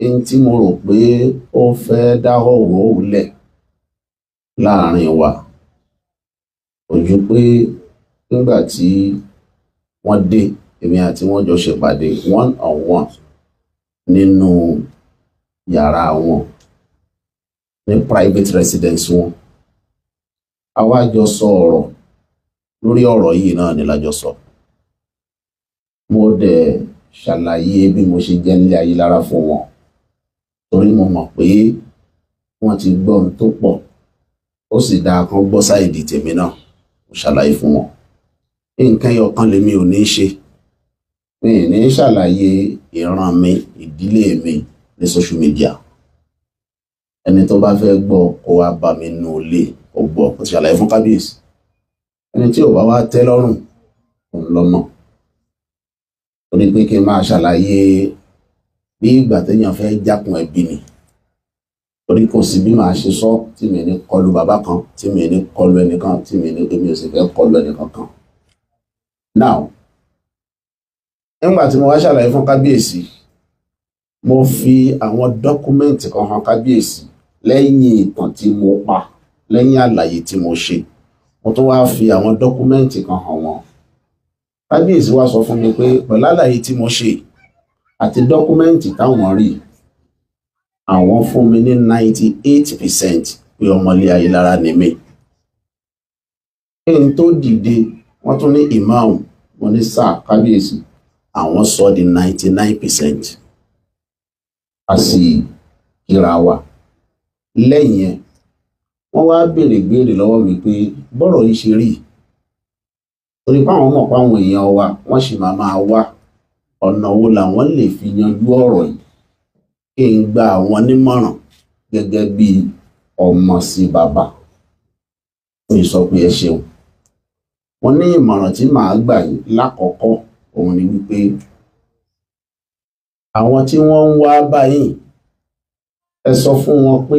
n tí mo rò pé ó fẹ́ dáwọ́ wòólẹ̀ láàrin wa kò ju pé nígbà tí wọ́n dé èmi àti wọ́n jọ ṣèpàdé one on one nínú yàrá wọn ní private residence wọn àwa jọ sọ ọ̀rọ̀ lórí ọ̀rọ̀ yìí náà ni la sọ mo dẹ̀ ṣàlàyé bí mo ṣe jẹ́ nílé ayé lára fún wọn torí mo mọ̀ pé wọ́n ti gbọ́ ohun tó pọ̀ ó sì dáa kan gbọ́ sáìdì tèmi náà mo ṣàlàyé fún wọn pé nǹkan yẹn ọ̀kan lèmi ò ní ṣe mi ì ní ṣàlàyé ìran mi ìdílé mi ní social media ẹni tó bá fẹ́ gbọ́ kó wá bá mi nù lé ó gbọ́ kó ṣàlàyé fún kábíyèsí ẹni tí ò bá wá tẹ́ lọ́rùn òun lọ́mọ torí pé kí n máa ṣàlàyé bí ìgbà téèyàn fẹ́ jákun ẹbí ni torí kò sí bí màá ṣe sọ tí mi ní kọlu bàbá kan tí mi ní kọlu ẹnìkan tí mi ní èmi ò sì fẹ́ kọlu ẹnìkan kan. now nígbà tí mo wá ṣàlàyé fún kábíyèsí mo fi àwọn dọ́kúmẹ́ǹtì kan hàn kábíyèsí lẹ́yìn ìtàn tí mo pa lẹ́yìn àlàyé tí mo ṣe mo tún wá fi àwọn dọ́kúmẹ́ǹtì kan hàn wọ́n kábíyèsí wa sọ fún mi pé pẹ̀lú àlàyé tí mo ṣe àti dọ́kúmẹ́ǹtì táwọn rí àwọn fún mi ní ninety eight percent pé ọmọlé ayélára ni mí kí n tó dìde wọ́n tún ní imam wọn ní sáà kábíyèsí àwọn sọ di ninety nine percent a sì kíra wa lẹ́yìn ẹ̀ wọ́n wá béèrè gbèrè lọ́wọ́ mi pé bọ́rọ̀ yìí ṣe rí i torí pé àwọn mọ̀ pé àwọn èèyàn wa wọ́n sì máa máa wá ọ̀nà wo làwọn lè fi yanjú ọ̀rọ̀ yìí kí n gba àwọn nímọ̀ràn gẹ́gẹ́ bí ọmọ sí bàbá ó yìí sọ pé ẹ ṣeun wọ́n ní ìmọ̀ràn tí màá gbà yìí lákọ̀ọ́kọ́ òun ni wípé àwọn tí wọ́n ń wá báyìí ẹ sọ fún wọn pé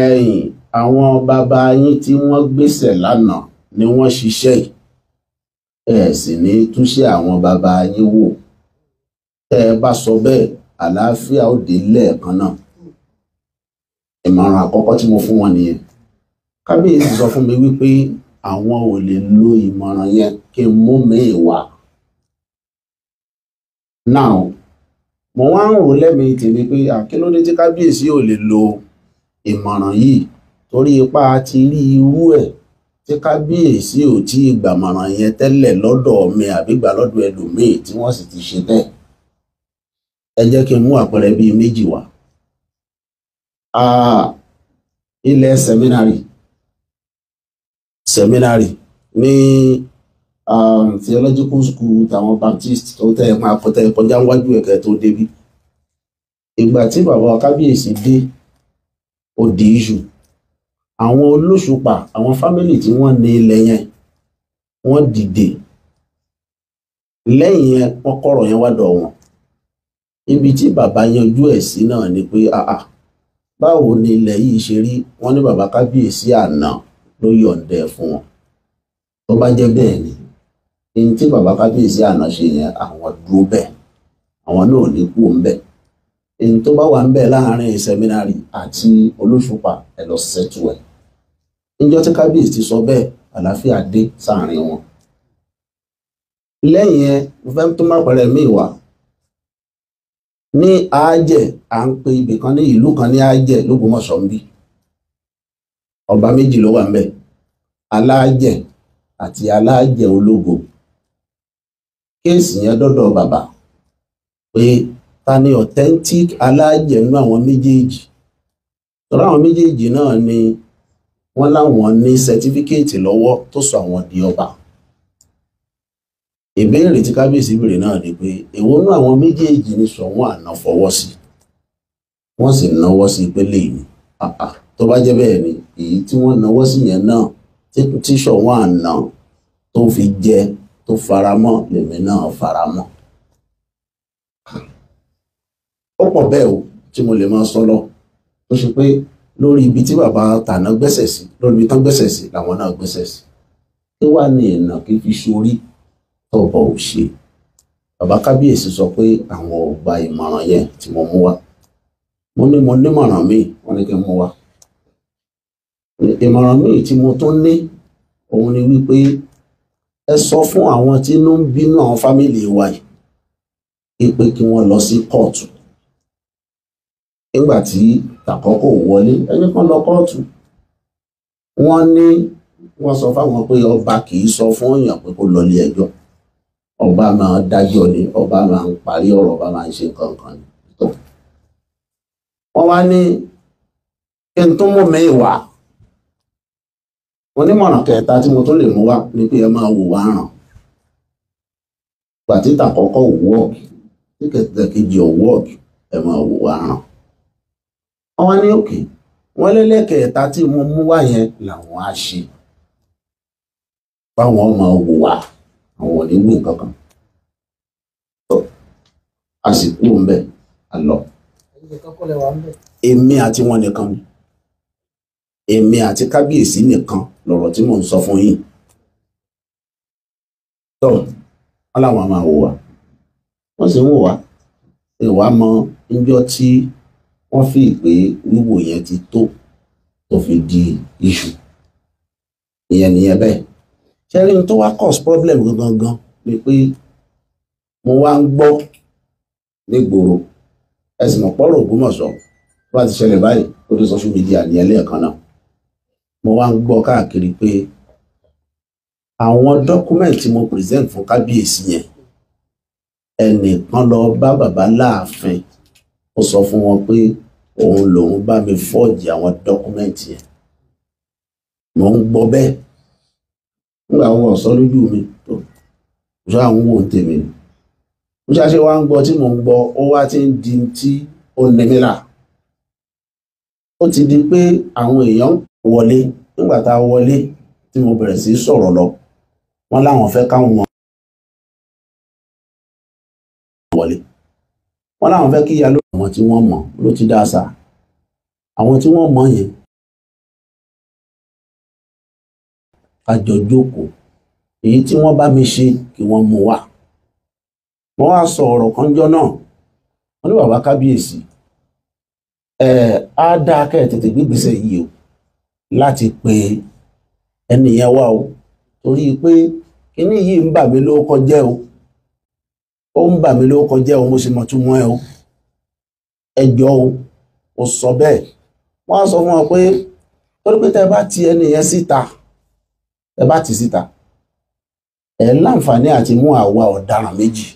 ẹ̀yìn àwọn bàbá yín tí wọ́n gbéṣẹ̀ lánàá ni wọ́n ṣiṣẹ́ yìí ẹ sì ní túṣe àwọn bàbá yín wò tẹ́ ẹ bá sọ bẹ́ẹ̀ àlàáfíà ó dé lẹ́ẹ̀kan náà ìmọ̀ràn àkọ́kọ́ tí mo fún wọn nìyẹn kábíyèsí sọ fún mi wípé àwọn ò lè lo ìmọ̀ràn yẹn kí n mú miín wá now mo wá ń rò lẹ́mìí tèmi pé àkínúdé tí kábíyèsí ò lè lo ìmọ̀ràn yìí torí ipa ti rí irú ẹ̀ tí kábíyèsí ò tí ì gbàmọ̀ràn yẹn tẹ́lẹ̀ lọ́dọ̀ mi àbí gbà lọ́dọ̀ ẹlòmíì tí wọ́n sì ti ṣe bẹ́ẹ̀ ẹ jẹ́ kí n mú àpẹẹrẹ bíi méjì wá ilẹ̀ seminary seminary ní um, theological school tàwọn baptist tó tẹ ẹ̀pọ̀n àpótẹ́ ẹ̀kọjá wájú ẹ̀kẹ́ tó débi ìgbà tí bàbá kábíyèsí dé ó di issue àwọn olóṣùpá àwọn fámìlì tí wọ́n ní ilẹ̀ yẹn wọ́n dìde lẹ́yìn yẹn wọ́n kọ̀rọ̀ yẹn wá dọ̀ wọ́n ibi tí bàbá yanjú ẹ̀ sí náà ni pé àà báwo ni ilẹ̀ yìí ṣe rí wọ́n ní bàbá kábíyèsí àná ló yọ̀ǹdẹ̀ fún wọn tó bá jẹ́ bẹ́ẹ̀ ni ẹni tí bàbá kábíyèsí àná ṣe yẹn àwọn dúró bẹ́ẹ̀ àwọn náà ò ní kú ńbẹ̀ ẹni tó bá wà ńbẹ̀ láàárín sẹmínárì àti olóṣùpá ẹ lọ ṣẹ́tù ẹ̀ níjọ́ tí kábíyèsí ti sọ bẹ́ẹ̀ àlàáfíà dé sáàrin wọn lẹ́yìn ẹ mo fẹ́ tó má pẹ̀rẹ̀ mí wá ní àájẹ̀ à ń pe ibì kan ní ìlú kan ní àájẹ̀ lÓgbómọ̀ṣọ́ ń bí ọba méjì ló wà ń bẹ aláàjẹ̀ àti aláàjẹ̀ ológo kéèsì yẹn dọ́dọ̀ bàbá pé ta ni authentic aláàjẹ̀ nínú àwọn méjèèjì tọ́lá àwọn méjèèjì náà ni wọ́n láwọn ní sẹtífíkẹ́ẹ̀tì lọ́wọ́ tó sọ àwọn di ọba ìbéèrè tí kábíyèsí béèrè náà ni pé èwo nú àwọn méjèèjì ni Ṣọ̀ún àná fọwọ́ sí wọ́n sì náwọ́ sí pé léyìn àà tó bá jẹ́ bẹ́ẹ̀ ni èyí tí wọ́n náwọ́ sí yẹn náà tí Ṣọ̀ún àná tó fi jẹ tó faramọ́ lèmi náà faramọ́ ó pọ̀ bẹ́ẹ̀ o tí mo lè máa sọ lọ tó ṣe pé lórí ibi tí bàbá tàná gbẹ́sẹ̀ sí lórí ibi tán gbẹ́sẹ̀ sí làwọn náà gbẹ́sẹ̀ sí kí wàá ní ìnà kí fi sórí tọ̀bọ̀ ò ṣe bàbá kábíyèsí sọ pé àwọn ò gba ìmọ̀ràn yẹn tí mo mú wá mo ní mo nímọ̀ràn míì wọ́n ní kí n mú wá ìmọ̀ràn míì tí mo tún ní òun ni wípé ẹ sọ fún àwọn tí ń bínú àwọn fámìlì wa yìí pé kí wọ́n lọ sí kóòtù nígbà tí tàkọ́kọ́ wọlé ẹni kan lọ kóòtù wọ́n ní wọ́n sọ fáwọn pé ọba kì í sọ fún èèyàn pé kó lọlé ẹjọ́ ọba máa dájọ́ ni ọba máa ń parí ọ̀rọ̀ ọba máa ń ṣe nǹkan kan ni tó wọ́n wá ní kí n tún mú mi wá onímọ̀ràn kẹta tí mo tún lè mú wá ni pé ẹ máa wò wá ràn gbàtítà kọ́kọ́ wọ́ọ̀kì tí kẹtẹ kejì ẹ máa wò wá ràn wọ́n ní òkè wọ́n lẹ́lẹ́kẹ̀ẹ́ta tí mo mú wá yẹn làwọn á ṣe báwọn ọmọ wò wá àwọn ò ní wí nǹkan kan a sì kú ń bẹ èmi àti wọn nìkan èmi àti kábíyèsí nìkan lọ̀rọ̀ tí mò ń sọ fún yín tọ́ aláwọn máa wò wá wọ́n sì ń wò wá ìwà mọ níjọ́ tí wọ́n fi pé wíwò yẹn ti tó tó fi di iṣu ìyẹn nìyẹn bẹ́ẹ̀ ṣe rí ohun tó wá cause problem gangan ni pé mo wá ń gbọ́ nígboro ẹ̀sìn ọ̀pọ̀rọ̀ Ògbómọ̀ṣọ́ tó bá ti ṣẹlẹ̀ báyìí ó tó social media nìyẹn lẹ́ẹ̀kan náà mo wá ń gbọ́ káàkiri pé àwọn dọ́kúmẹ̀ntì tí mo present fún kábíyèsí yẹn ẹnìkan lọ bá bàbá láàfin ó sọ fún wọn pé òun lòun bá mi fọ́ọ̀jì àwọn dọ́kúmẹ́ǹtì yẹn mò ń gbọ́ bẹ́ẹ̀ nígbà wọn sọ lójú mi tó ṣọ àwọn wò ń tèmi ni mo ṣàṣe wá ń gbọ́ tí mò ń gbọ́ ó wá ti ń di tí ó ní mi là ó ti di pé àwọn èèyàn wọlé nígbà tá a wọlé tí mo bẹ̀rẹ̀ sí sọ̀rọ̀ lọ wọ́n láwọn fẹ́ káwọn wọ́n láwọn fẹ́ kí ìyá lórí àwọn tí wọ́n mọ̀ ló ti dá àṣà àwọn tí wọ́n mọ̀ yẹn ká jọ jókòó èyí tí wọ́n bá mi ṣe kí wọ́n mú wá wọ́n wá sọ ọ̀rọ̀ kan jọ náà wọ́n ní bàbá kábíyèsí ẹ̀ á dáa kẹ́ tètè gbígbèsè yìí o láti pe ẹnìyẹn wá o torí pé kíní yìí ń bà mí lóko jẹ́ o ó ń bà mí ló kọjá òun mo sì mọ̀ tún mọ́ ẹ o ẹjọ́ o ò sọ bẹ́ẹ̀ wọ́n á sọ fún ọ pé torí pé tẹ bá ti ẹni yẹn síta ẹ bá ti síta ẹ láǹfààní àti mú àwa ọ̀daràn méjì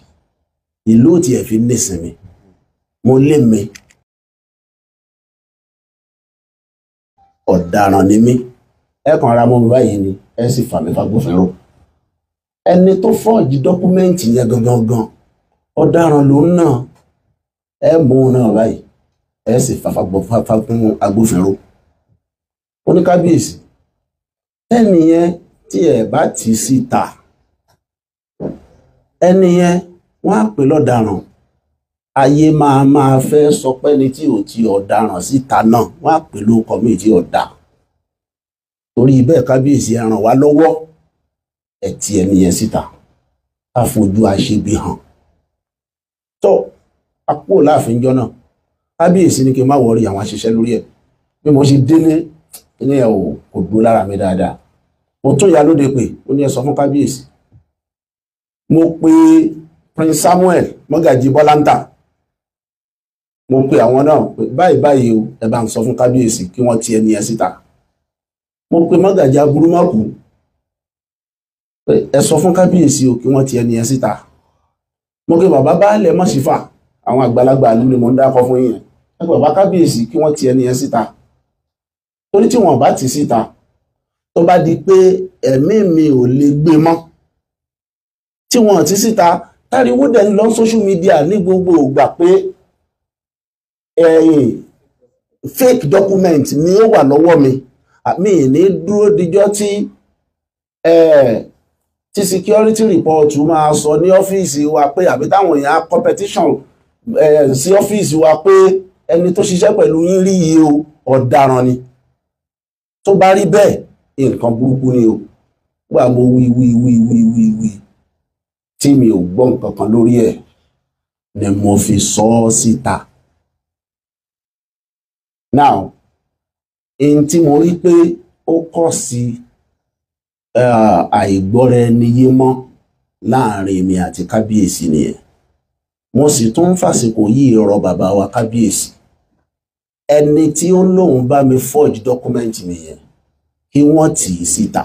ìlú tí ẹ fi nísinmi mo lé mi ọ̀daràn ni mí ẹ kàn ra mọ́ mi báyìí ni ẹ sì fà mí fagbófinró ẹni tó fọ́ọ̀jì dọ́kúmẹ́ǹtì yẹn gangan gan ọ̀daràn ló ń nà ẹ mú un náà báyìí ẹ sì fàfà fún agbófinró oníkábíyèsí ẹni yẹn tí ẹ bá ti síta ẹni yẹn wọ́n á pè lọ́daràn ayé máa máa fẹ́ sọ pé ní tí ò ti ọ̀daràn síta náà wọ́n á pè lóko mi tí ọ̀dà torí bẹ́ẹ̀ kábíyèsí ẹ ràn wá lọ́wọ́ ẹ ti ẹni yẹn síta á fojú aṣebi hàn tó àpò láàfin jọ kábíyèsí ni kí n má wọrí àwọn àṣìṣe lórí ẹ̀ bí mo ṣe délé ilé ẹ̀ ò kò dúró lára mi dáadáa mo tún ya lóde pé ó ní ẹ sọ fún kábíyèsí mo pe Prince Samuel mọ́gàjì bọ́láńtà mo pe àwọn náà pé báyìí báyìí o ẹ bá ń sọ fún kábíyèsí kí wọ́n ti ẹni ẹ síta mo pe mọ́gàjì aburúmọ́kù ẹ sọ fún kábíyèsí o kí wọ́n ti ẹni ẹ síta mo kí bàbá baálẹ̀ mọ̀ sífà àwọn àgbàlagbà ìlú ni mo ń dákọ fún yìnyín ẹ pé bàbá kábíyèsí kí wọ́n ti ẹni yẹn síta torí tí wọn bá ti síta tó bá di pé ẹ̀mí mi ò lè gbé mọ́ tí wọn ti síta táriwó dẹ̀ ń lọ social media ní gbogbo pe, pé fake document ni ó wà lọ́wọ́ mi àmì ìní dúró dijọ́ tí. Eh, tí security report máa sọ ní ọ́fíìsì wa pé àbí táwọn èèyàn competition sí ọ́fíìsì wa pé ẹni tó ṣiṣẹ́ pẹ̀lú yín rí iye o ọ̀daràn ni tó bá rí bẹ́ẹ̀ nǹkan burúkú ni o gbà mo wí wí wí wí wí wí tí mi ò gbọ́ nǹkan kan lórí ẹ̀ ni mo fi sọ ọ́ síta. now èyí tí mo rí pé ó kọ̀ sí i àìgbọ́ra-ẹni-yé mọ́ láàrin èmi àti kábíyèsí nìyẹn mo sì tún ń fàsìkò yìí rọ bàbá wa kábíyèsí ẹni tí ó lóun bá mi forge document nìyẹn kí wọ́n tì í síta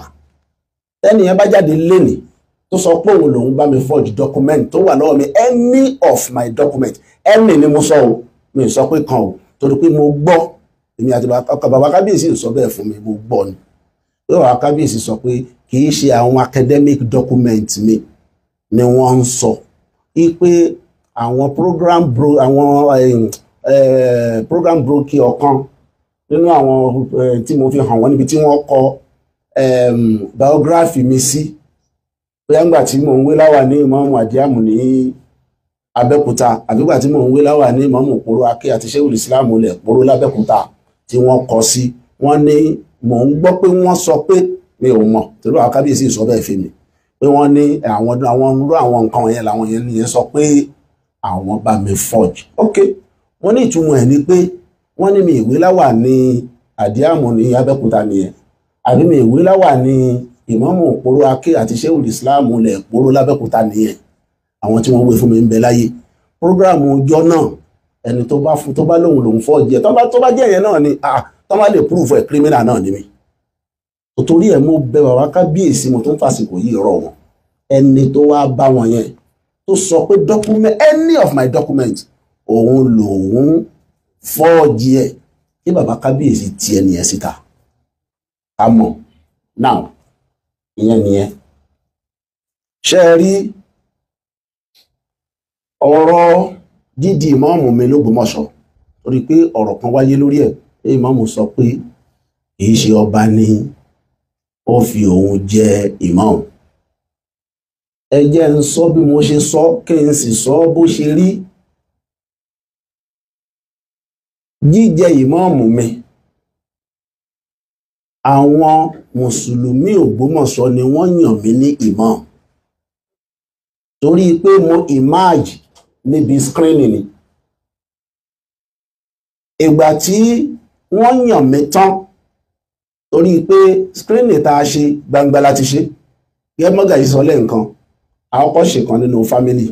tẹ́nìyẹn bá jáde lénìí tó sọ pé òun lòun bá mi forge document tó wà lọ́wọ́ mi any of my document any ni mo sọ o mi sọ pé kan o torí pé mo gbọ́ èmi àti bàbá kábíyèsí ń sọ bẹ́ẹ̀ fún mi mo gbọ́ ni lọ́wọ́ akábíyèsí sọ pé kì í ṣe àwọn academic document mi ni wọ́n ń sọ pé àwọn program bro àwọn program broker ọ̀kan nínú àwọn tí mo fi hàn wọ́n níbi tí wọ́n kọ biography mi sí bóyá ńgbà tí mò ń wé láwà ní ìmọ̀ọ́mù àdíàmù ní Abẹ́òkúta àbígbà tí mò ń wé láwà ní ìmọ̀ọ́mù Kóró Akẹ́ àti Shehul Islam ilẹ̀ Kóró tí wọ́n kọ sí wọ́n ní mò ń gbọ́ pé wọ́n sọ pé mi ò mọ̀ torí àwọn kábíyèsí sọ bẹ́ẹ̀ fi mi pé wọ́n ní àwọn àwọn irú àwọn nǹkan yẹn làwọn yẹn nìyẹn sọ pé àwọn bá mi forge ok wọ́n ní ìtumọ̀ ẹ̀ ni pé wọ́n ní mi ìwé láwà ní àdíàmù ní abẹ́kúta nìyẹn àbí mi ìwé láwà ní ìmámù òpóró aké àti sheu islam lẹ̀ òpóró lábẹ́kúta nìyẹn àwọn tí wọ́n wé fún mi ń bẹ láyé prógráàmù ọjọ́ náà ẹni tó bá fún tó bá lóun lòun forge tó bá jẹ́ yẹn náà ni ah tọ́wá lè prove ẹ̀ criminal náà ni mí torí ẹ̀ mo bẹ bàbá kábíyèsí mo tó ń fàsìkò yìí rọ̀ wọ́n ẹni tó wá bá wọn yẹn tó sọ pé document any of my documents òun lòun fọ́ọ̀jì ẹ̀ kí bàbá kábíyèsí ti ẹni ẹ̀ síta ká mọ̀ now ìyẹn nìyẹn ṣe é rí ọ̀rọ̀ dídi ìmọ̀ọ́mù mi lógbòmọ̀ṣọ́ torí pé ọ̀rọ̀ kan wáyé lórí ẹ̀ Imam sọ pé kì í ṣe ọba ni ó fi òun jẹ ìmáàmù ẹ jẹ́ ń sọ bí mo ṣe sọ kí n sì sọ bó ṣe rí jíjẹ ìmáàmù mi àwọn mùsùlùmí Ògbómọ̀ṣọ́ ni wọ́n yàn mí ní ìmáàmù torí pé mo emerge níbi screening ni ìgbà tí wọ́n yàn mí tán torí pé screening tá a ṣe gbangba láti ṣe gẹ́mọ́gà yìí sọ lẹ́ǹkan àkọ́kọ́ ṣèkan nínú fámìlì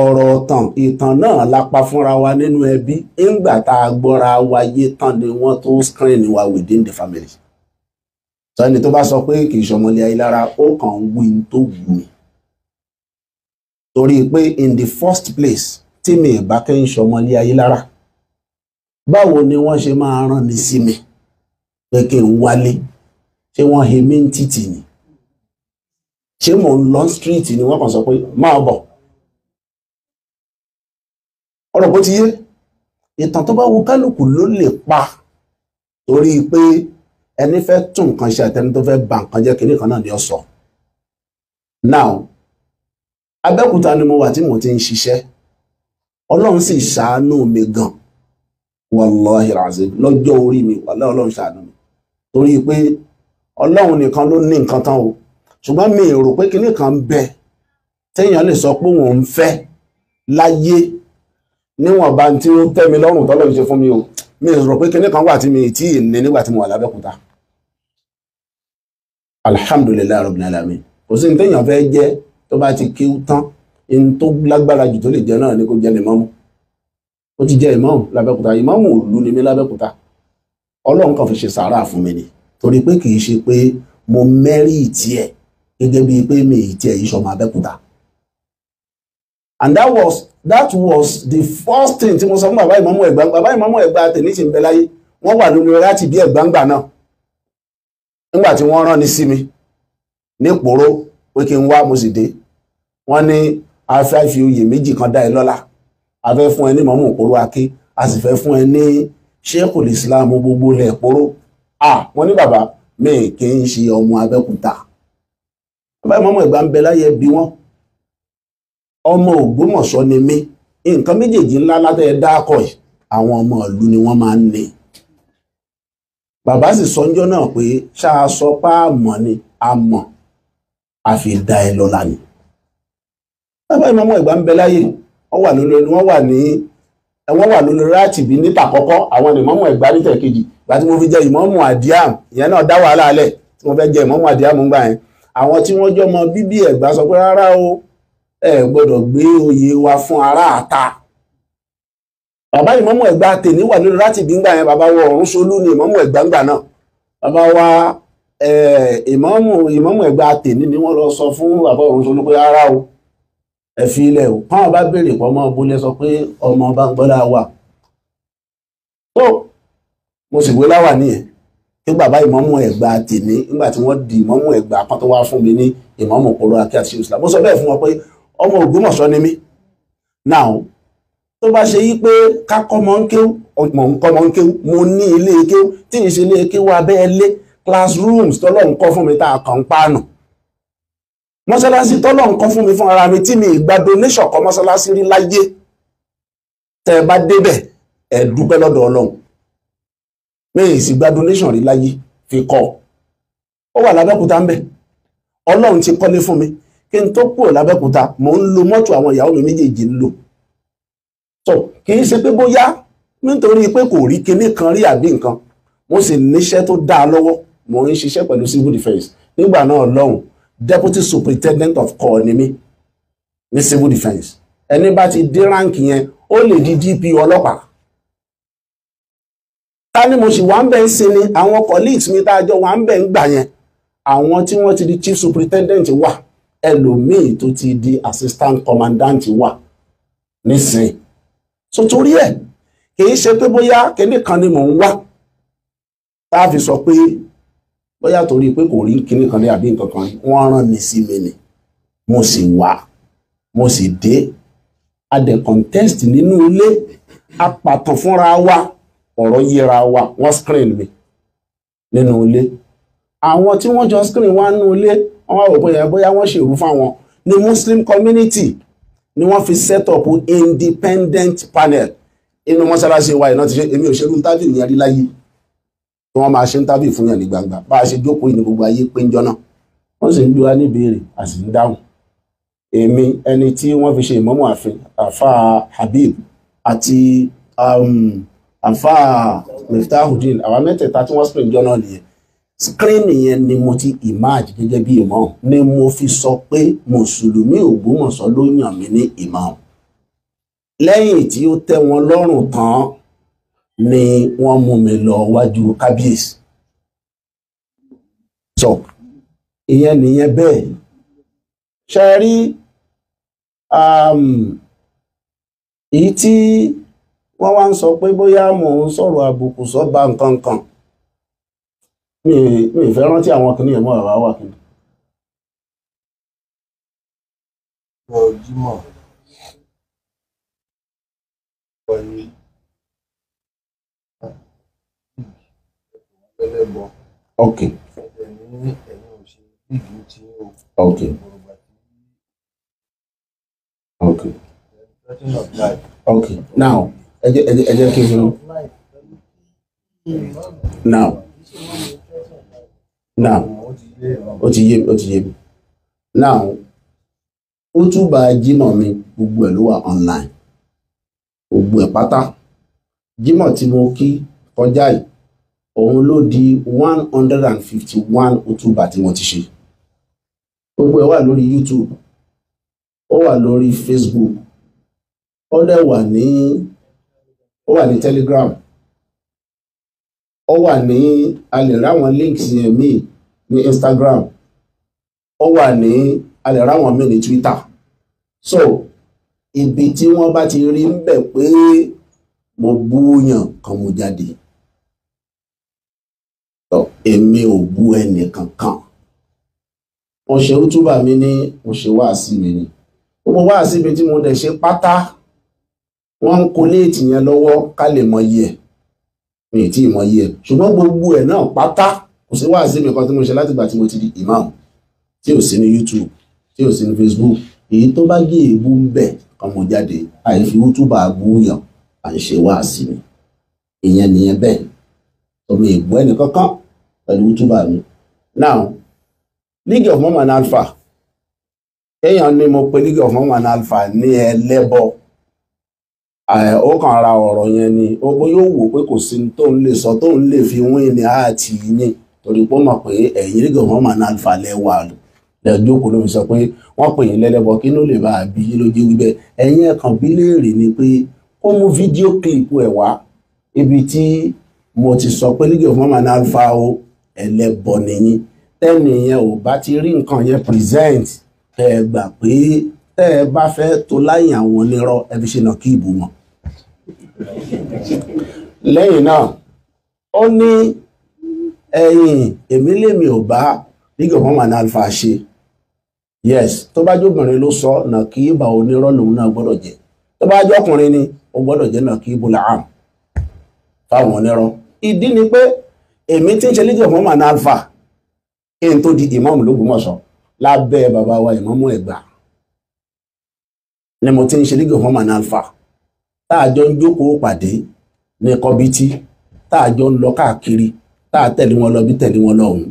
ọ̀rọ̀ ọ̀tàn ìtàn náà lápá fúnra wa nínú ẹbí ńgbà tá a gbọ́ra wa yé tán ni wọ́n tó screen wa within the family sọ́ni tó bá sọ pé kì í ṣọmọlé ayélára ó kàn ń wí tó wù mí torí pé in the first place tí mi ìbá kẹ́ ń ṣọmọlé ayélára báwo ni wọ́n ṣe máa rán mi sí mi pé kí n wálé ṣé wọ́n he mí ń títì ni ṣé mò ń lọ street ni wọ́n kàn sọ pé máa bọ̀ ọ̀rọ̀ bó ti yé ìtàn tó bá wo kálukú ló lè pa torí pé ẹni fẹ́ tún nǹkan ṣe àtẹni tó fẹ́ ba nǹkan jẹ́ kínní kan náà ni ó sọ now Abẹ́òkúta ni mo wà tí mo ti ń ṣiṣẹ́ Ọlọ́run sì ṣàánú mi gan wallahi alazim lọ́jọ́ orí mi wà lọ́wọ́ ọlọ́run ṣàánú mi torí pé ọlọ́run nìkan ló ní nǹkan tán o ṣùgbọ́n mi rò pé kinní kan bẹ téèyàn lè sọ pé òun ń fẹ́ láyé níwọ̀n bá tí ó tẹ́ mi lọ́rùn tọ́lọ́run ṣe fún mi o mi rò pé kinní kan wà tí mi tí ì ní nígbà tí mo wà lábẹ́kúta alhamdulilayi rabbil alamin kò sí ní téèyàn fẹ́ jẹ́ tó bá ti kí tán in tó lágbára jù tó lè jẹ́ náà ni kò jẹ́ lè mọ́mú ó ti jẹ́ ìmáàmù lábẹ́kúta ìmáàmù òlu ni mí lábẹ́kúta ọlọ́run kan fi ṣe sàárà fún mi ni torí pé kì í ṣe pé mo mẹ́rí ìtì ẹ̀ gẹ́gẹ́ bíi pé mi ìtì ẹ̀ yìí sọmọ abẹ́kúta and that was that was the first thing tí mo sọ fún bàbá ìmáàmù ẹ̀gbá bàbá ìmáàmù ẹ̀gbá tèmi ti ń bẹ láyé wọ́n wà lórí láti bí ẹ̀gbáǹgbà náà nígbà tí wọ́n rán ni sí mi nípòró pé kí n wá mo sì dé wọ́n ní afẹ́ fi oyè méjì kan dá ẹ lọ́lá a fẹ́ fún ẹ ní mọ́mú òpóró akí a sì fẹ́ fún ẹ ní Sheikhul Islam gbogbo ilẹ̀ ìpóró à wọ́n ní bàbá mi kì í ṣe ọmọ Abẹ́òkúta bàbá ìmọ̀mọ̀ ìgbà ń bẹ láyé bí wọ́n ọmọ Ògbómọ̀ṣọ́ ni mí nǹkan méjèèjì ńlá látẹ̀ dákọ̀ yìí àwọn ọmọ ìlú ni wọ́n máa ń ní bàbá sì sọ ọjọ́ náà pé ṣáà sọ pá àmọ́ ni àmọ́ àfi dá ẹ lọ́la ni bàbá ìmọ̀mọ̀ ìgbà ń bẹ láyé wọ́n wà lólórí wọ́n wà ní wọ́n wà lólórí rátìbí níta kọ́kọ́ àwọn ìmọ̀mù ẹ̀gbá níta kejì ìgbà tí mo fi jẹ ìmọ̀mù àdíàm ìyẹn náà dá wàhálà alẹ̀ tí mo fẹ́ jẹ ìmọ̀mù àdíàm gbà yẹn àwọn tí wọ́n jọ mọ bíbí ẹ̀gbá sọ pé rárá o ẹ gbọ́dọ̀ gbé oyè wa fún ará àta bàbá ìmọ̀mù ẹ̀gbá tèmi wà lórí rátìbí gbà yẹn bàbá wọ ọ̀run ṣolú ni ìmọ̀mù ẹ̀gbá gbà náà bàbá wa ìmọ̀mù ìmọ̀mù ẹ̀gbá tèmi ni wọ́n lọ sọ fún bàbá ọ̀run ṣolú pé rárá o ẹ fi ilẹ̀ o káwọn bá béèrè pọ̀ mọ́ ọbúlé sọ pé ọmọ bá ń gbọ́dá wà tó mo sì wé láwà nìyẹn kí bàbá ìmọ̀mù ẹ̀gbà tèmi nígbà tí wọ́n di ìmọ̀mù ẹ̀gbà kan tó wá fún mi ní ìmọ̀mù kóró akí àti ṣéwùsùlà mo sọ bẹ́ẹ̀ fún wọn pé ọmọ Ògbómọ̀ṣọ́ ni mí náà tó bá ṣe yí pé kákọ́mọ ń kéwú ọmọ nǹkọ́mọ ń kéwú mo ní ilé kéwú tí ì ṣe ilé kéwú abẹ́ ilé classrooms tọ́lọ́ nǹkan fún mi tá a kàn ń pàànù mọ́sálásí tọ́lọ̀ nǹkan fún mi fún ara mi tí mi ìgbà donation kan mọ́sálásí rí láyé tẹ́ ẹ bá débẹ̀ ẹ dúpẹ́ lọ́dọ̀ ọlọ́run mi ì sì gba donation rí láyé fi kọ́ ọ wà lábẹ́kúta ń bẹ̀ ọlọ́run ti kọ́lé fún mi kí n tó kúrò lábẹ́kúta mò ń lo mọ́tò àwọn ìyàwó mi méjèèjì ń lò tó kì í ṣe pé bóyá nítorí pé kò rí kinní kan rí àbí nǹkan mo sì níṣẹ́ tó dáa lọ́wọ́ mò ń ṣiṣẹ́ pẹ̀lú civil defence nígbà náà lọ́hùn deputy superintendent of corps ni mí ní civil defence ẹni bá ti dé ráǹkì yẹn ó lè di dp ọlọ́pàá ta ni mo sì wà ń bẹ̀ ń ni àwọn colleagues mi tá a jọ wà ń bẹ̀ ń gbà yẹn àwọn tí wọ́n ti di chief superintendent wà ẹlòmíì tó ti di assistant commandant wà nísìnyí so torí ẹ̀ kì í ṣe pé bóyá kinní kan ni mò ń wá tá a fi sọ pé bóyá torí pé kò rí kinní kan ní àbí nǹkan kan wọ́n rán mi sí mi ni mo sì wá mo sì dé a dẹ̀ contest nínú ilé a pàtàn fúnra wa ọ̀rọ̀ yíra wa wọ́n screen mi nínú ilé àwọn tí wọ́n jọ screen wa nínú ilé wọ́n rò pé bóyá wọ́n ṣèrú fáwọn ní muslim community ni wọ́n fi set up independent panel inú mọ́ṣáláṣí wa iná ti ṣe èmi ò ṣerú tábìlì yẹn rí láyé tí wọ́n máa ṣe ń tábì fún yàn ní gbangba bá a ṣe jókòó yìí ní gbogbo ayé pé ń jọ́nà wọ́n sì ń gbé wa ní ìbéèrè a sì ń dáhùn èmi ẹni tí wọ́n fi ṣe ìmọ̀mọ̀ àfin àfa Habib àti um, àfa Miftahudeen àwa mẹ́tẹ̀ẹ̀ta tí wọ́n sì pè ń jọ́nà nìyẹn skrini yẹn ni mo ti emerge gẹ́gẹ́ bí ìmọ̀ ni mo fi sọ pé mùsùlùmí Ògbómọ̀ṣọ́ ló yàn mí ní ìmọ̀ lẹ́yìn tí ó tẹ́ wọn lọ́rùn tán ni wọ́n mú mi lọ wájú kábíyèsí sọ ìyẹn nìyẹn bẹ́ẹ̀ ṣe rí um, èyí tí wọ́n wá ń sọ pé bóyá mò ń sọ̀rọ̀ àbùkù sọ́ba nǹkan kan mi ìfẹ́ rántí àwọn kìnìún yẹn mọ́ wà kìnìún. ẹlẹ́bọ. ok. ẹ̀dẹ̀ ní ẹ̀yin ò ṣe bíìgì tí o. ok. ok. ok now ẹ jẹ́ ẹ jẹ́ now now ó ti yé mi ó ti yé mi now ó tún bá jímọ̀ mi gbogbo ẹ̀ ló wà online gbogbo ẹ̀ pátá jímọ̀ tí mo kí kọjá yìí òun ló di one hundred and fifty one òtúbà tí mo ti ṣe gbogbo ẹ̀ wà lórí YouTube ó wà lórí Facebook ó dẹ̀ wà ní ó wà ní Telegram ó wà ní a lè ráwọn links yẹn míì ní Instagram ó wà ní a lè ráwọn míì ní Twitter so ibi tí wọ́n bá ti rí ń bẹ̀ pé mo búyàn kan mo jáde èmi ò bú ẹnì kankan mo ṣe rútúbà mi ní mo ṣe wáàsí mi ni gbogbo wáàsí mi tí mo dẹ̀ ṣe pátá wọ́n ń kó léètì yẹn lọ́wọ́ ká lè mọyì ẹ̀ mi ì tí ì mọyì ẹ̀ ṣùgbọ́n gbogbo ẹ̀ náà pátá kò sí wáàsí mi kan tí mo ṣe látìgbà tí mo ti di imam tí ò sí ní YouTube tí ò sí ní Facebook èyí tó bá gé èébú ń bẹ̀ ọmọ jáde àìfi rútúbà gbúyàn à ń ṣe wáàsí mi ìyẹn nìyẹn bẹ́ẹ̀ tọmọ ègbọ́ ẹnì kankan pẹ̀lú túbà mi now league of mormon alpha èèyàn ni mo pe league of mormon alpha ní ẹlẹ́bọ ó kàn ra ọ̀rọ̀ yẹn ni ó bó yóò wò pé kò sí tóun lè sọ tóun lè fi wín ní àti yín torí pé ó mọ̀ pé ẹ̀yìn league of mormon alpha lẹ́wà lò lẹ́jọ́ kò ló fi sọ pé wọ́n pè yín lẹ́lẹ́bọ kí ló lè bá a bí ló jẹ́ ẹ̀yin ẹ̀kan bí léèrè ni pé kó mú fídíò kílípù ẹ̀ wá ibi tí mo ti sọ pé league of mormon alpha o ẹlẹ́bọ nìyí tẹ́nìyẹn ò bá ti rí nǹkan yẹn present tẹ́ ẹ gbà pé tẹ́ ẹ bá fẹ́ tó láyìn àwọn onírọ́ ẹ fi ṣe nà kí ìbò wọn. lẹ́yìn náà ó ní ẹ̀yìn èmi lèmi ò bá league of women alpha ṣe yes tó bá jóbìnrin ló sọ nà kí ìbà onírọ́ lòun náà gbọ́dọ̀ jẹ́ tó bá jọkùnrin ni ó gbọ́dọ̀ jẹ́ nà kí ìbò làám fáwọn onírọ́ ìdí ni pé èmi tí ń ṣe legion mọ́mọ́ ní alpha kí n tó di imam lógbómọ̀ṣọ́ lábẹ́ bàbá wa ìmọ̀mú ẹ̀gbà ni mo ti ń ṣe legion mọ́mọ́ ní alpha tá a jọ ń jókòó pàdé ní kọ́bítì tá a jọ ń lọ káàkiri tá a tẹ̀lé wọn lọ bí tẹ̀lé wọn lọ òun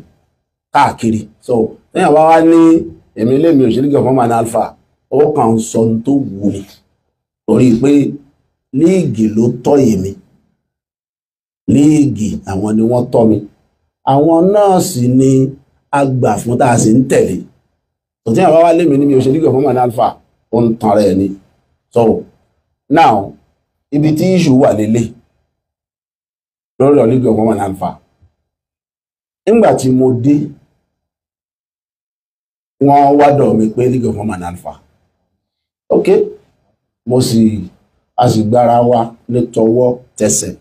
káàkiri so lẹ́yìn àwa wá ní èmi lèmi ò ṣe legion mọ́mọ́ ní alpha ó kàn ń sọ ohun tó wù mí torí pé líìgì ló tọ́ èmi léègì àwọn ni wọ́n tọ́ mi àwọn nọ́ọ̀sì ni a fún tá a sì ń tẹ̀lé tòtí àwọn wá lémi ní mi ò ṣe dígbà fún mọ̀ ní alfa ó ń tan ara ẹ̀ ni so now ibi tí ìṣù wà lélẹ̀ lórí ọ̀lẹ́gbẹ̀ fún mọ̀ ní alfa nígbà tí mo dé wọ́n wádọ̀ mi pé league of women alpha ok mo sì a sì gbára wa nítọwọ́ tẹsẹ̀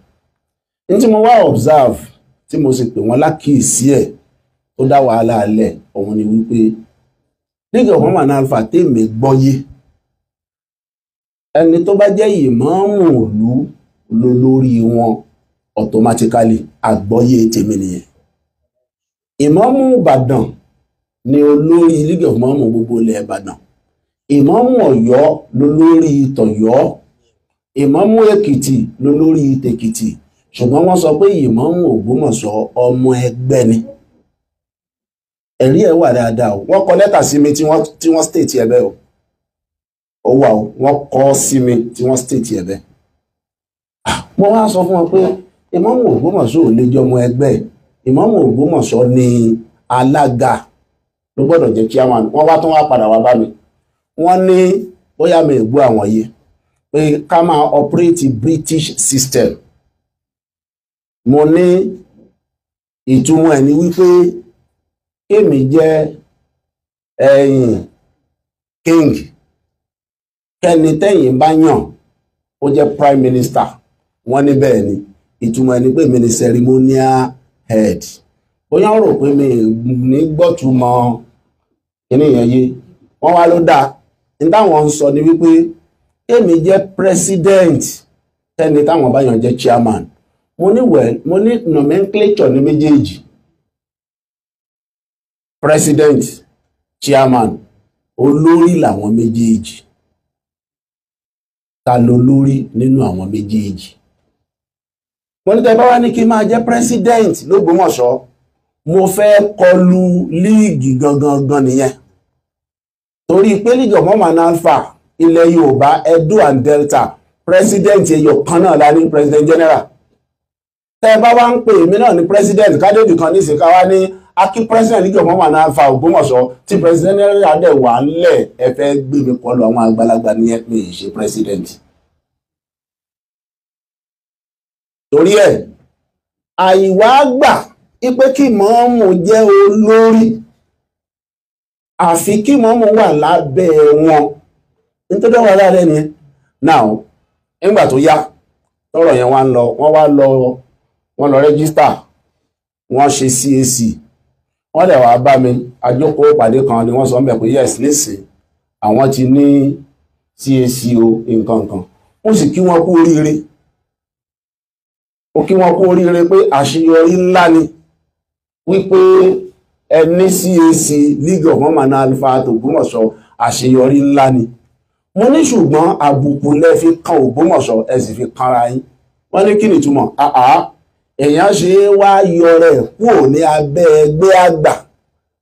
ní tí mo wá observe tí mo sì pè wọ́n lákìísí ẹ̀ tó dá wàhálà alẹ̀ ọ̀hún ni wípé nígbà wọn wà ní alfa tèmi gbọ́yé ẹni tó bá jẹ́ ìmáàmù òlú lólórí wọn automatically àgbọ́yé tèmi nìyẹn ìmáàmù ìbàdàn ni olórí league of mọ́mù gbogbo ilẹ̀ ìbàdàn ìmáàmù ọ̀yọ́ lólórí tọ̀yọ́ ìmáàmù èkìtì lólórí tèkìtì ṣùgbọ́n wọ́n sọ pé ìmọ̀ọ́mù Ògbómọ̀ṣọ́ ọmọ ẹgbẹ́ ni ẹ̀rí ẹ̀ wà dáadáa o wọ́n kọ lẹ́tà sí mi tí wọ́n state ẹ̀ bẹ́ẹ̀ o ó wà o wọ́n kọ sí mi tí wọ́n state ẹ̀ bẹ́ẹ̀ ah, mo wá sọ fún wọn pé ìmọ̀ọ́mù Ògbómọ̀ṣọ́ ò lè jẹ́ ọmọ ẹgbẹ́ ìmọ̀ọ́mù Ògbómọ̀ṣọ́ ni alága ló gbọ́dọ̀ jẹ́ chairman wọ́n wá tún wá padà wá bá mi wọ́n ní bóyá mi ò gbọ́ àwọn yìí pé ká máa operate British system mo ní ìtumọ̀ ẹ̀ ni wípé kémi jẹ́ ẹ̀yìn king kẹ́ni tẹ́yìn bá yàn ó jẹ́ prime minister wọ́n ní bẹ́ẹ̀ ni ìtumọ̀ ẹ̀ ni pé mi ni ceremonial head bóyá wọ́n rò pé mi ní gbọ́túmọ̀ kíní yẹn yé wọ́n wá ló dáa ní táwọn ń sọ ni wípé kémi jẹ́ president tẹ́ni táwọn bá yàn jẹ́ chairman mo ní wẹ̀ mo ní nomenclature ní méjèèjì president chairman olórí làwọn méjèèjì ta ló lórí nínú àwọn méjèèjì mo ní tẹ́ bá wá ní kí n máa jẹ́ president lógbómọ̀ṣọ́ mo fẹ́ kọlu líìgì gangan gan nìyẹn torí pé league of mormon alpha ilẹ̀ yorùbá edo and delta president ẹyọ kan náà la ní president general tẹ́ ẹ bá wá ń pè mí náà ní president kádébì kan ní ìsìnká wá ní akí president nígbà ọmọ náà fa Ògbómọ̀ṣọ́ tí president adé wà ńlẹ̀ ẹ fẹ́ gbé mi kọlu àwọn àgbàlagbà ní ẹ ìṣe president. torí ẹ̀ àìwá gbà pé kí mọ́ọ́mù jẹ́ olórí àfi kí mọ́ọ́mù wà lábẹ́ wọn nítorí wọn rárá ni nìyẹn náà nígbà tó yá tọ̀rọ̀ yẹn wá ń lọ wọn wá lọ wọ́n lọ rẹ́gísítà wọ́n ṣe CAC wọ́n dẹ̀ wá bá mi àjókòó pàdé kan ni wọ́n sọ mẹ́ pé yes nísìn àwọn ti ní CAC o nǹkan kan ó sì kí wọ́n kú oríire ó kí wọ́n kú oríire pé àṣeyọrí ńlá ni wípé ẹni CAC League of Women Alfa tògbómọ̀ṣọ́ àṣeyọrí ńlá ni mo ní ṣùgbọ́n àbùkù lẹ fi kan Ògbómọ̀ṣọ́ ẹ sì fi kanra yín wọ́n ní kí nìtumọ̀ àá ah, ah, èèyàn ṣe é wá yọ rẹ̀ kúrò ní abẹ́ ẹgbẹ́ àgbà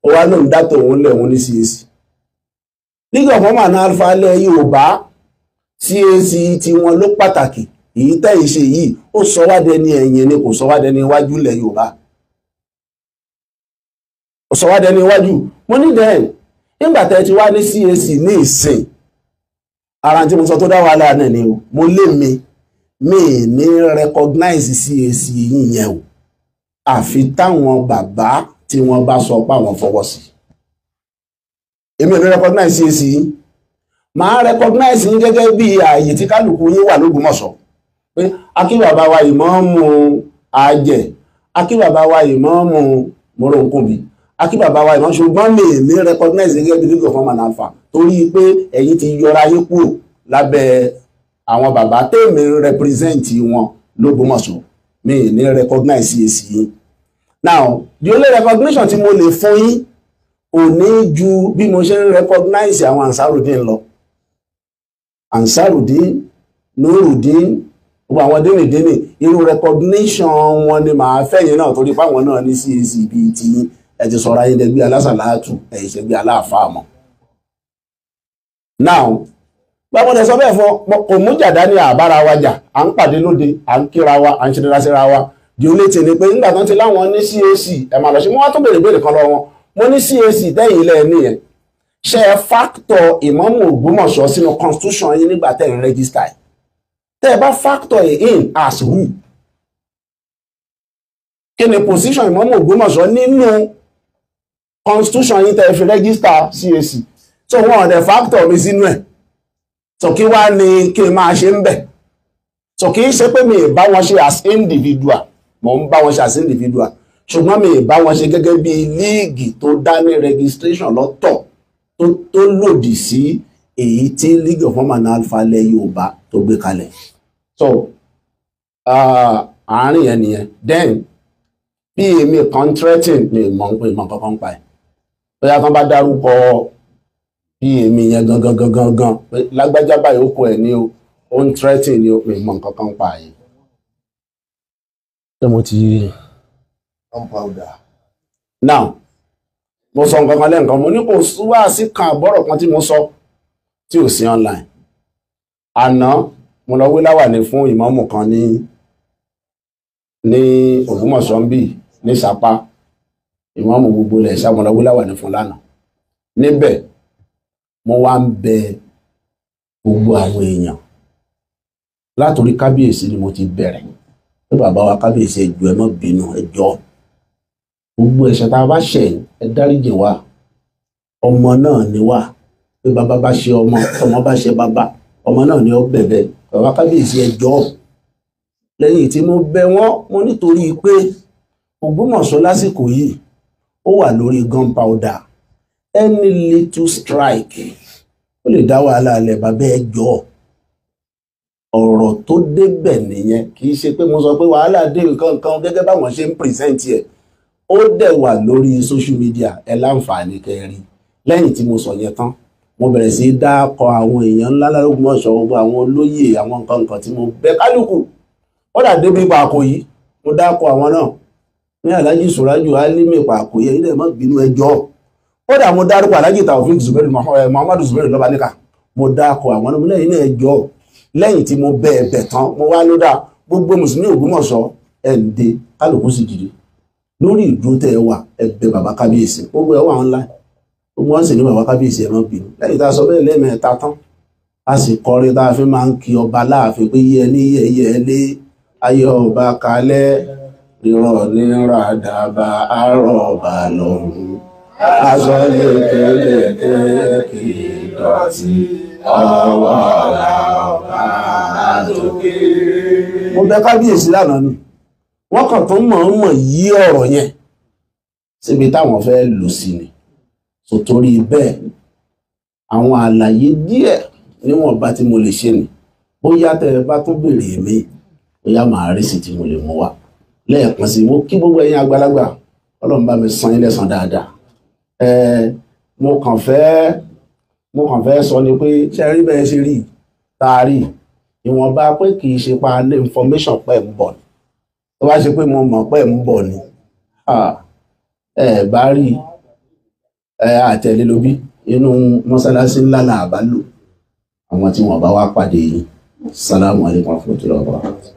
ọwá ló ń dá tòun lẹ̀hún ní CAC nígbà fọ́mà náà falẹ̀ Yorùbá CAC tiwọn ló pàtàkì èyí tẹ́yìn ṣe yìí ó sọ wá dẹni ẹ̀yìn ni kò sọ wá dẹni iwájú ilẹ̀ Yorùbá kò sọ wá dẹni iwájú mo ní dẹ́n nígbà tẹ́ ti wá ní CAC ní ìsìn ara tí mo sọ tó dá wàhálà náà ni mo lé mi mi ní recognize CAC yìnyẹn o àfi táwọn bàbá tí wọ́n bá sọ pé àwọn fọwọ́ sí èmi ò recognize CAC yìí màá recognize yín gẹ́gẹ́ bí ààyè tí kálukú yín wà lógúnmọ̀ṣọ́ pé akíbàbá wa ìmọ̀ọ́mù àjẹ akíbàbá wa ìmọ̀ọ́mù mọ́rọ̀ǹkùnbí akíbàbá wa ìmọ̀ ṣùgbọ́n mi ní recognize gẹ́gẹ́ bí league of women alpha torí pé ẹ̀yin ti yora yín kúrò lábẹ́ àwọn bàbá tèmi represent wọn lógbómọ̀ṣọ́ mi ní recognize èsì yìí now the only recognition tí mo lè fún yín ò ní ju bí mo ṣe ń recognize àwọn ansarudin lọ ansarudin nurudin gbogbo àwọn dénìdénì irú recognition wọn ni màá fẹ̀yìn náà torí fáwọn náà ní CAC bíi tiyín ẹ ti sọ̀rọ̀ ayédègbé alásàlátù ẹ̀yìn ṣẹ́gbẹ́ aláàfáà mọ́ now gbàgbọ́n tẹ̀sọ́ bẹ́ẹ̀ fún ọ kò mú jàdá ní àbára wa jà à ń pàdé lóde à ń kíra wa à ń ṣe wa di olétè ni pé nígbà tán ti láwọn ní CAC ẹ̀ máa lọ sí mo wá tó béèrè béèrè kan lọ́wọ́ mo ní CAC tẹ́yìn ilẹ̀ ní yẹn ṣe fáktọ̀ ìmámù Ògbómọ̀ṣọ́ sínú constitution yín nígbà tẹ̀ ń rẹ́gísítà ẹ̀ tẹ́ ẹ bá fáktọ̀ ẹ̀ in as who kí ni position ìmámù Ògbómọ̀ṣọ́ nínú constitution yín tẹ́ ẹ fi rẹ́gísítà CAC so wọn ò dẹ̀ fáktọ̀ mi sínú ẹ̀ so kí wá ni kí n máa ṣe ń bẹ̀ so kì í ṣe pé mi ì bá wọn ṣe as individual mo ń bá wọn ṣe as individual ṣùgbọ́n mi ì bá wọn ṣe gẹ́gẹ́ bí líìgì tó dá ní registration lọ́tọ̀ tó lòdì sí èyí tí league of women alpha ilẹ̀ Yorùbá tó gbé kalẹ̀ so àárín yẹn nìyẹn then bí èmi contracting mi mọ̀ nǹkan kankan pa ẹ̀ bóyá kan bá dárúkọ yíyan mi yẹn gangan gangan gan pé lágbájá báyìí ó kó ẹ ní o ó ń threatening ní o pé mọ nǹkan kan pa yìí. ṣé mo ti. gunpowder. now mo sọ nǹkan kan lẹ́ǹkan mo ní kò wá sí kan àbọ̀rọ̀ kan tí mo sọ tí ò sí online àná mo lọ wé láwàní fún ìmáàmù kan ní ní Ògbómọ̀ṣọ́ ń ní Sapa ìmáàmù gbogbo ilẹ̀ ìsàmọ̀lọ́wé láwàní fún lánàá níbẹ̀ mo wá ń bẹ gbogbo àwọn èèyàn látòrí kábíyèsí ni mo ti bẹ̀rẹ̀ pé bàbá wa kábíyèsí ẹ ẹ má bínú ẹ gbogbo ẹ̀ṣẹ̀ tá a bá ṣẹ̀ ẹ dáríjì wá ọmọ náà ni wá pé bàbá bá ṣe ọmọ ọmọ bá ṣe bàbá ọmọ náà ni ó bẹ̀bẹ̀ bàbá kábíyèsí ẹ lẹ́yìn tí mo bẹ̀ wọ́n mo nítorí pé Ògbómọ̀ṣọ́ lásìkò yìí ó wà lórí gunpowder any little strike ó lè dá wàhálà alẹ́ bàbá ẹ jọ ọ̀rọ̀ tó débẹ̀ nìyẹn kì í ṣe pé mo sọ pé wàhálà dé nǹkan kan gẹ́gẹ́ báwọn ṣe ń present ẹ̀ ó dẹ̀ wà lórí social media ẹ láǹfààní kẹrin lẹ́yìn tí mo sọ yẹn tán mo bẹ̀rẹ̀ sí í dá akọ àwọn èèyàn ńlá lárúgbọ́n ọ̀ṣọ́ gbogbo àwọn olóyè àwọn nǹkan nǹkan tí mo bẹ kálukú ó dà débi pàkó yìí mo dá akọ àwọn náà ní aláàjì sùrájù alímì pàkó yẹn ilẹ̀ mọ́ bínú ẹjọ́ kódà mo dárúkọ alájì Taofik Zubairu eh, Muhammadu Zubairu Lọ́balẹ́ka mo dákọ̀ àwọn ọmọ lẹ́yìn náà jọ lẹ́yìn tí mo bẹ̀ ẹ̀bẹ̀ tán mo wá ló dá gbogbo mùsùlùmí Ògbómọ̀ṣọ́ ẹ̀ ń de kálukú sì dìde lórí ìdúró tẹ́ ẹ wà ẹ̀bẹ̀ bàbá kábíyèsí gbogbo ẹ̀ wà ńlá gbogbo wọn sì ní bàbá kábíyèsí ẹ̀ máa bínú lẹ́yìn tá a sọ bẹ́ẹ̀ lẹ́ẹ̀mẹ́ta tán a sì kọrin tá a fi máa ń kí ọba láàfin pé yẹ ní yẹ yẹ lé ayé ọba kalẹ̀ ìrọ̀ nira dàbà àárọ̀ ọba lọ́hùn aṣọ lékelèké kì í dọ̀tí ọwọ́ ọ̀la ọba àdókè. mo bẹ kábíyèsí lánàá ni wọn kàn tó mọ̀ọ́mọ̀ yí ọ̀rọ̀ yẹn síbi táwọn fẹ́ lù sí ni so torí bẹ́ẹ̀ àwọn àlàyé díẹ̀ níwọ̀nba tí mo lè ṣe ni bóyá tẹ ẹ bá tún béèrè mi bóyá màá rí sí tí mo lè mú wa lẹ́ẹ̀kan sí mo kí gbogbo ẹ̀yin àgbàlagbà Ọlọ́run bá mi san yín lẹ́san dáadáa ẹ mo kàn fẹ́ mo kàn fẹ́ sọ ni pé ṣe rí bẹ́ẹ̀ ṣe rí tá a rí ìwọ̀nba pé kì í ṣe pa ní information pẹ̀ ń bọ̀ ni tó bá ṣe pé mo mọ̀ pẹ̀ ń bọ̀ ni ẹ bá rí ẹ àtẹ̀lé lóbi inú mọ́sálásí ńlá là àwọn tí wọ́n bá wá pàdé yìí sálámù alaykum wa rahmatullahi wa barakatuh.